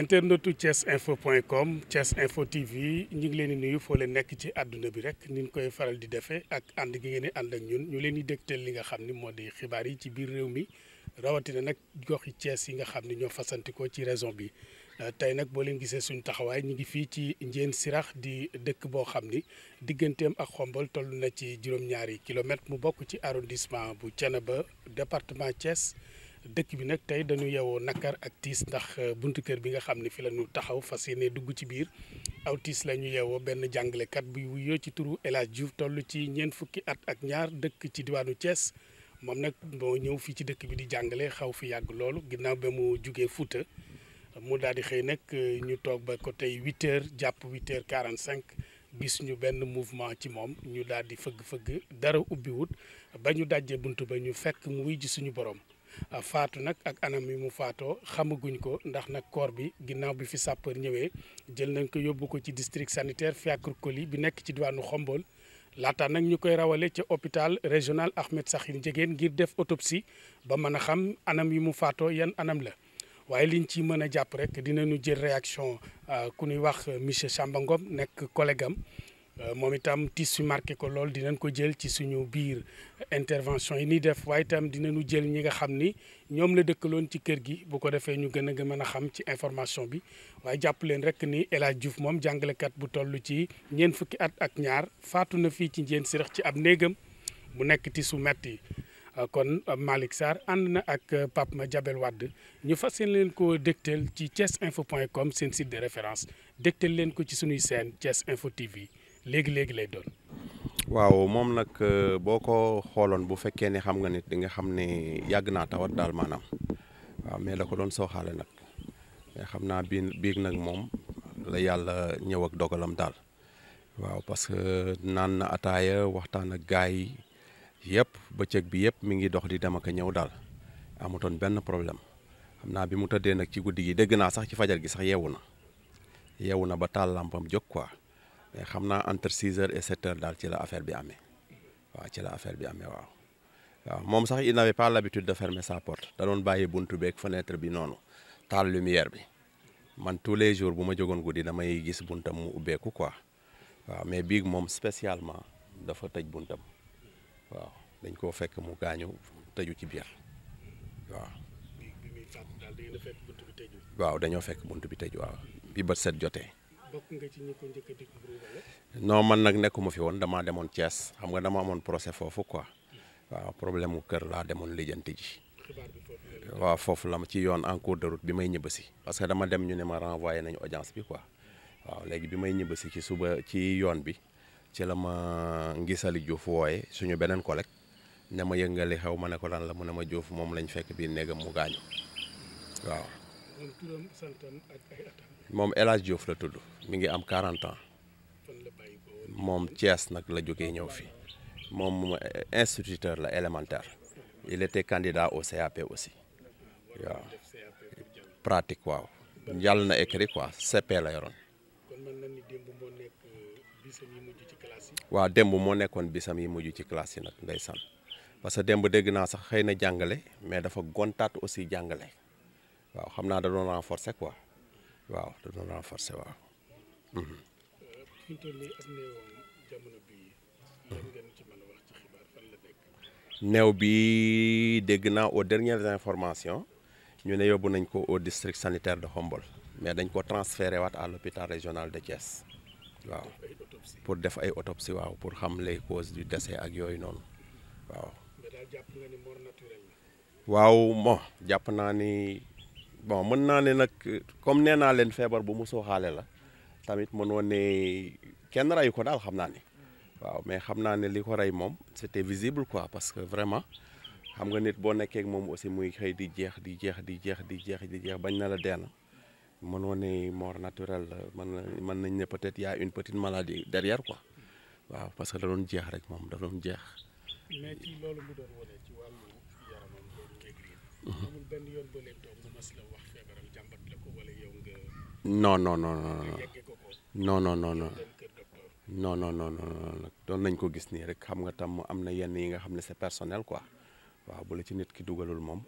internetu Thiès info point com Thiès info TV ñu ngi leen di nuyu foo leen nekk ci àdduna bi rek ni ñu koy faral di defee ak ànd gi ngeen di ànd ak ñun ñu leen di dégtal li nga xam ni moo di xibaar yi ci biir réew mi rawatina nag goxi Thiès yi nga xam ni ñoo fasantikoo ci raison bi. Euh, tey nag boo leen gisee suñu taxawaay ñu ngi fii ci Ndiène Sirax di dëkk boo xam ni digganteem ak Xombol tollu na ci juróom-ñaari kilomètre mu bokk ci arrondissement bu Thiénaba département Thiès. dëkk bi nag tey dañu yeewoo nakar ak tiis ndax euh, buntu kër bi nga xam ne fi la ñu taxaw fas yéene dugg ci biir aw tiis la ñu yeewoo benn jàngalekat bu wuyoo ci turu El Hadj toll ci ñeent fukki at ak ñaar dëkk ci diwaanu Thiès moom nag moo ñëw fii ci dëkk bi di jàngale xaw fi yàgg loolu ginnaaw ba mu jógee Fouta mu daal di xëy nag euh, ñu toog ba ko tey huit jàpp huit heures quarante cinq gis ñu benn mouvement ci moom ñu daal di fëgg-fëgg dara ubbiwut ba ñu dajje bunt ba ñu fekk mu wuy suñu borom. faatu nag ak anam yi mu faatoo xamaguñ ko ndax nag koor bi ginnaaw bi fi sapeur ñëwee jël nañ ko yóbbu ko ci district sanitaire Fiacrocoli bi nekk ci diwaanu Xombol laataa nag ñu koy rawale ca hôpital régional Ahmed Sakhir Ndiéguène ngir def autopsie ba mën a xam anam yi mu faatoo yan anam la waaye liñ ci mën a jàpp rek dinañu jël réaction euh, ku ñuy wax monsieur Samba nekk collègue Euh, moom itam tiis yu marqué ko lool dinañ ko jël ci suñu biir intervention yi ni def waaye itam dinañu jël ñi nga xam ni ñoom la dëkkaloon ci kër gi bu ko defee ñu gën a mën a xam ci information bi waaye jàpp leen rek ni El Hadj Diouf moom jàngalekat bu tollu ci ñeent fukki at ak ñaar faatu na fii ci njéen sirax ci ab néegam bu nekk tiis yu metti euh, kon Malick Sarr ànd na ak euh, Pape Madiabel Wade ñu fas yéene leen ko dégtal ci thiesinfo.com seen site de référence dégtal leen ko ci suñuy seen Thiès Info TV léegi léegi lay doon. waaw moom nag euh, boo ko xooloon bu fekkee ni xam nga nit di nga xam ne yàgg naa tawat daal maanaam waaw mais la ko doon sooxaale nag mais xam naa bii biig nag moom la yàlla ñëw ak dogalam daal. waaw parce que naan na ataaya waxtaan ak gars yi yëpp bëccëg bi yëpp mu ngi dox di dem ak ñëw daal amutoon benn problème xam naa bi mu tëddee nag ci guddi gi dégg naa sax ci fajar gi sax yeewu na yeewu na ba taal lampam jóg quoi. mais xam naa entre six heures et sept daal ci la affaire bi amee waaw ci la affaire bi amee waaw moom sax il n'avait pas l'habitude de fermer sa porte da doon bunt buntu beeg fenêtre bi noonu taal lumière bi man tous les jours bu ma jógoon guddi damay gis buntam mu ubbeeku quoi waaw mais biig moom spécialement dafa tëj buntam waaw dañ koo fekk mu gaañu tëju ci biir waaw. waaw dañoo fekk bunt bi tëju waaw bi ba set jotee. bokk nga ci non man nag nekkuma fi woon damaa demoon Thiès xam nga dama amoon procès foofu quoi waaw problème mu kër laa demoon lijjanti ji. waaw foofu la ma ci yoon en cours de route bi may ñibbisi parce que dama dem ñu ne ma renvoyé nañu audience bi quoi waaw léegi bi may ñibbisi ci suba ci yoon bi ci la ma ngisali Diouf wooye suñu beneen collègue ne ma yëngali xew ma ne ko lan la mu ne ma Diouf moom lañ fekk biir néegam mu gaañu waaw Euh, moom El Hadj la tudd mi ngi am 40 ans moom Thiès nag la jóge ñëw fii moom eh, instituteur la élémentaire il était candidat au CAP aussi waaw pratique waaw jàll na écrit quoi CP la yoroon euh, waaw démb moo nekkoon bisam yi mujj ci classe yi nag ndeysaan parce que démb dégg naa sax xëy na jàngale mais dafa gontaat aussi jàngale waaw xam naa da doon renforcer waaw da doon waaw. Mhm. fi bi dégg naa aux dernières informations ñu ne yóbbu nañ ko au district sanitaire de Khombole mais dañ ko transféré waat à l'hôpital régional de Thiès waaw. pour def ay autopsie waaw pour xam les causes du décès ak yooyu noonu waaw. mais jàpp naa ni. bon mën naa ne nag comme nee naa leen feebar bu mu sooxaale la tamit mënoo ne kenn reyu ko daal xam naa ne waaw mais xam naa ne li ko rey moom c'était visible koi parce que vraiment xam nga nit boo nekkee moom aussi muy xëy di jeex di jeex di jeex di jeex di jeex bañ na la dee mën mënoo ne mort naturel la mën na mën nañ ne peut-être y une petite maladie derrière quoi waaw parce que da doon jeex rek moom da doon jeex. amul benn yoon boo leen toog mu mas la wax feebaram jàmbat la ko wala yow nga. non non non non non non non non non non non non doon nañ ko gis nii rek xam nga tam am na yenn yi nga xam ne c'est personnel quoi waaw bu la ci nit ki dugalul moom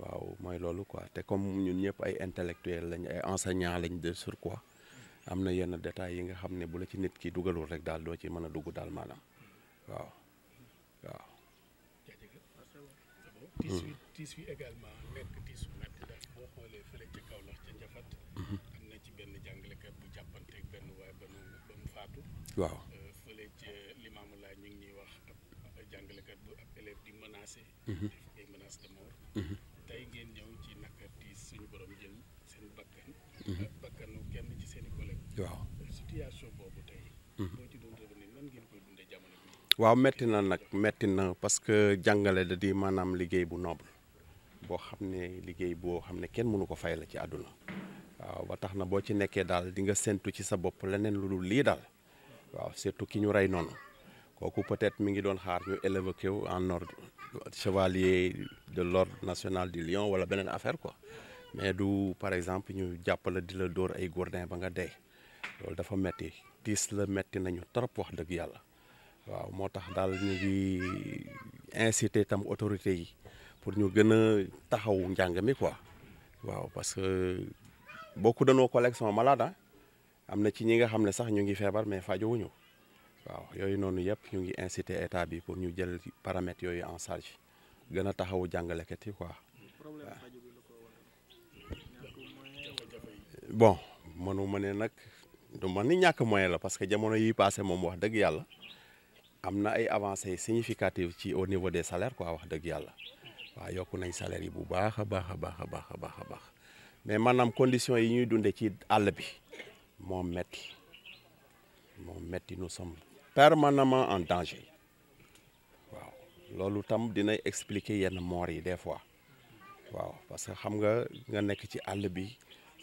waaw mooy loolu quoi te comme ñun ñëpp ay intellectuel lañ ay enseignant lañ de sur quoi am na yenn détails yi nga xam ne bu la ci nit ki dugalul rek daal doo ci mën a dugg daal maanaam waaw waaw tiis wi tiis wi également nekk tiis wu metti ndax boo xoolee fële ca Kaolack ca Njafat mmh. am na ci benn jàngalekat bu jàppanteeg benn waaye ba mu faatu waaw euh, fële ca limaamu laa ñu ngi ñuy wax ab jàngalekat bu ab di menacé mmh. def ay menace de mort mmh. tey ngeen ñëw ci naka tiis suñu borom jël seen bakkan bakkanu kenn ci seeni i collègue waaw euh, waaw metti na nag metti na parce que jàngale da di maanaam liggéey bu noble boo xam ne liggéey boo xam ne kenn mënu ko fay la ci àdduna waaw ba tax na boo ci nekkee daal di nga séntu ci sa bopp leneen lu dul lii daal waaw surtout ki ñu rey noonu kooku peut-être mi ngi doon xaar ñu évoqué wu en ordre chevalier de l'ordre national du lion wala beneen affaire ko mais du par exemple ñu jàppale di la dóor ay gourdin ba nga dee loolu dafa metti tiis la metti nañu trop wax dëgg yàlla waaw moo tax daal ñu ngi incité tam autorité yi pour ñu gën a taxaw njàng mi quoi waaw parce que beaucoup de nos collègues ah. am na ci ñi nga xam ne sax ñu ngi feebar mais fajowuñu waaw yooyu noonu yëpp ñu ngi incité état bi pour ñu jël paramètres yooyu en charge gën a taxawu jàngalekat yi quoi bon mënu ma ne nag du man ni ñàkk moyen la parce que jamono yi passé moom wax dëgg yàlla am na ay avancées significatives ci au niveau des salaires quoi wax dëgg yàlla waaw yokku nañ salaires yi bu baax a baax a baax a baax a baax a baax mais maanaam conditions yi ñuy dundee ci àll bi moo metti moo metti nous sommes permanemment en danger waaw loolu tam dina expliquer yenn moor yi des fois waaw parce que xam nga nga nekk ci àll bi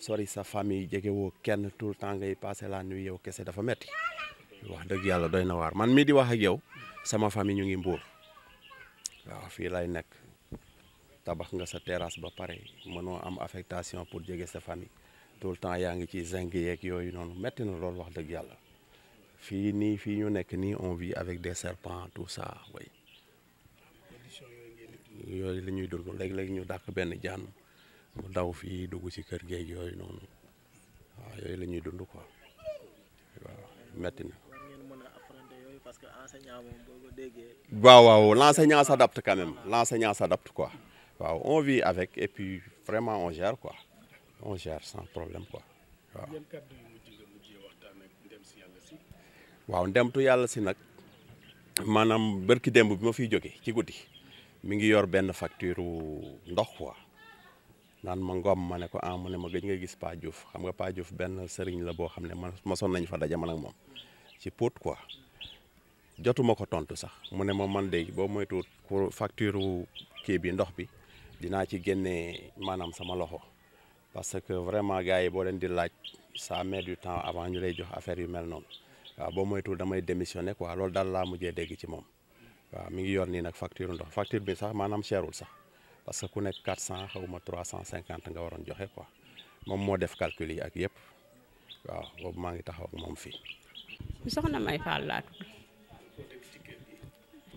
sori sa famille jegewoo kenn tout le temps ngay passer la nuit yow kese dafa metti wax dëgg yàlla doy na waar man mii di wax ak yow sama famille ñu ngi mbuur waaw fii lay nekk tabax nga sa terrasse ba pare mënoo am affectation pour jege sa famille tout le temps yaa ngi ci zinc yeeg yooyu noonu métti na loolu wax dëgg yàlla fii nii fii ñu nekk nii on vit avec des serpents tout ça way yooyu la ñuy dund léeg-léeg ñu dàq benn jaan mu daw fii dugg ci kër géeg yooyu noonu yooyu la dund quoi na parce que enseignant moom boo ko déggee. waaw waaw l' enseignant s' adapte quand même l' waaw on avec et puis vraiment on gère quoi on gère sans problème quoi waaw. waaw ndemtu yàlla si nag maanaam bërki démb bi ma fiy jóge ci guddi mi ngi yor benn facture ndox quoi naan ma ngoom ma ne ko ah mu ne ma gëj nga gis Pa xam nga Pa benn sëriñ la boo xam ne ma mosoon nañ fa daje moom ci póot quoi jotuma ko tontu sax mu ne ma man de boo moytuwul pour facture kii bi ndox bi dinaa ci génnee maanaam sama loxo parce que vraiment gars yi boo leen di laaj ça met du temps avant ñu lay jox affaire yu mel noonu waaw boo moytuwul damay démissionné quoi loolu daal laa mujjee dégg ci moom waaw mi ngi yor nii nag facture ndox facture bi sax maanaam cherul sax parce que ku nekk 400 xaw ma 350 nga waroon joxe ko moom moo def calcul yi ak yëpp waaw maa ngi taxaw moom fii. soxna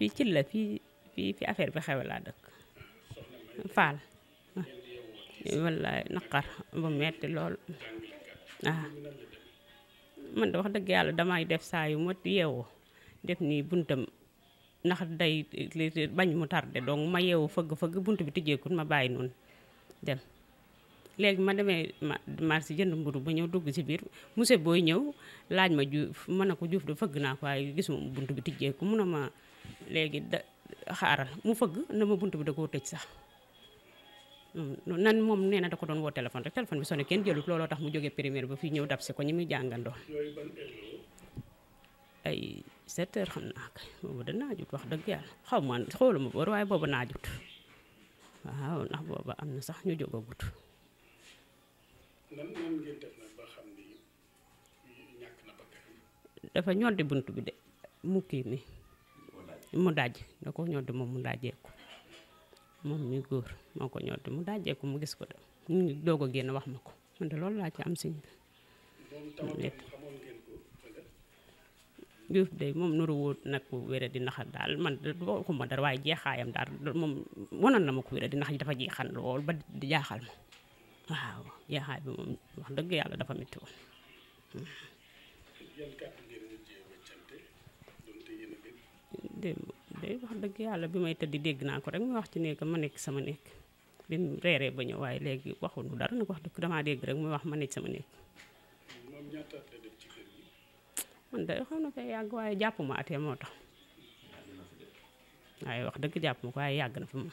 fii ci la fii fii fi affaire bi xewe laa dëkk faal wallaay naqar bu metti lool waaw man de wax dëgg yàlla damay def saa yu ma yeewoo def nii buntam ndax day bañ mu tardé donc ma yeewu fëgg fëgg bunt bi tijjeekut ma bàyyi noonu dem léegi ma demee marché jënd mburu ba ñëw dugg ci biir monsieur booy ñëw laaj ma mën na ko juuf da fëgg naa ko waaye gisuma bunt bi tijjeeku mun a ma léegi da xaaral mu fëgg na ma bunt bi da koo tëj sax hmm, nan moom nee na da ko doon woo téléphone rek téléphone bi sonné kenn jëlut looloo tax mu jógee primaire ba fi ñëw dab si ko ñi muy jàngandoo ay 7 xam naa kay boobu da naajut wax dëgg yàlla xaw ma xooluma boor waaye boobu waaw ndax booba am na sax ñu jógagut nan nan ngeen dafa ñoddi bunt bi de mukki mi mu daj da ko ñoddi moom mu dajjeeku moom mi góor moo ko ñoddi mu dajjeeku mu gis ko de mu ngi doog a génn wax ma ko man de loolu laa ci am siñ bi de moom nuru wóot nag ku wére di nax daal man ma dara waaye jeexaayam daal moom wanoon na ma ko wére di nax dafa jeexan lool ba di jaaxal ma waaw jeexaay bi moom dëgg yàlla dafa métti woon hmm. day wax dëgg yàlla bi may tëdd dégg naa ko rek muy wax ci néeg ma nekk sama néeg bi reeree ba ñëw waaye léegi waxul dara nag wax dëgg damaa dégg rek muy wax ma nekk sama néeg. man de xam na ko yàgg waaye jàpp ma atee moo tax waaye wax dëgg jàpp ma ko waaye yàgg na fa moom.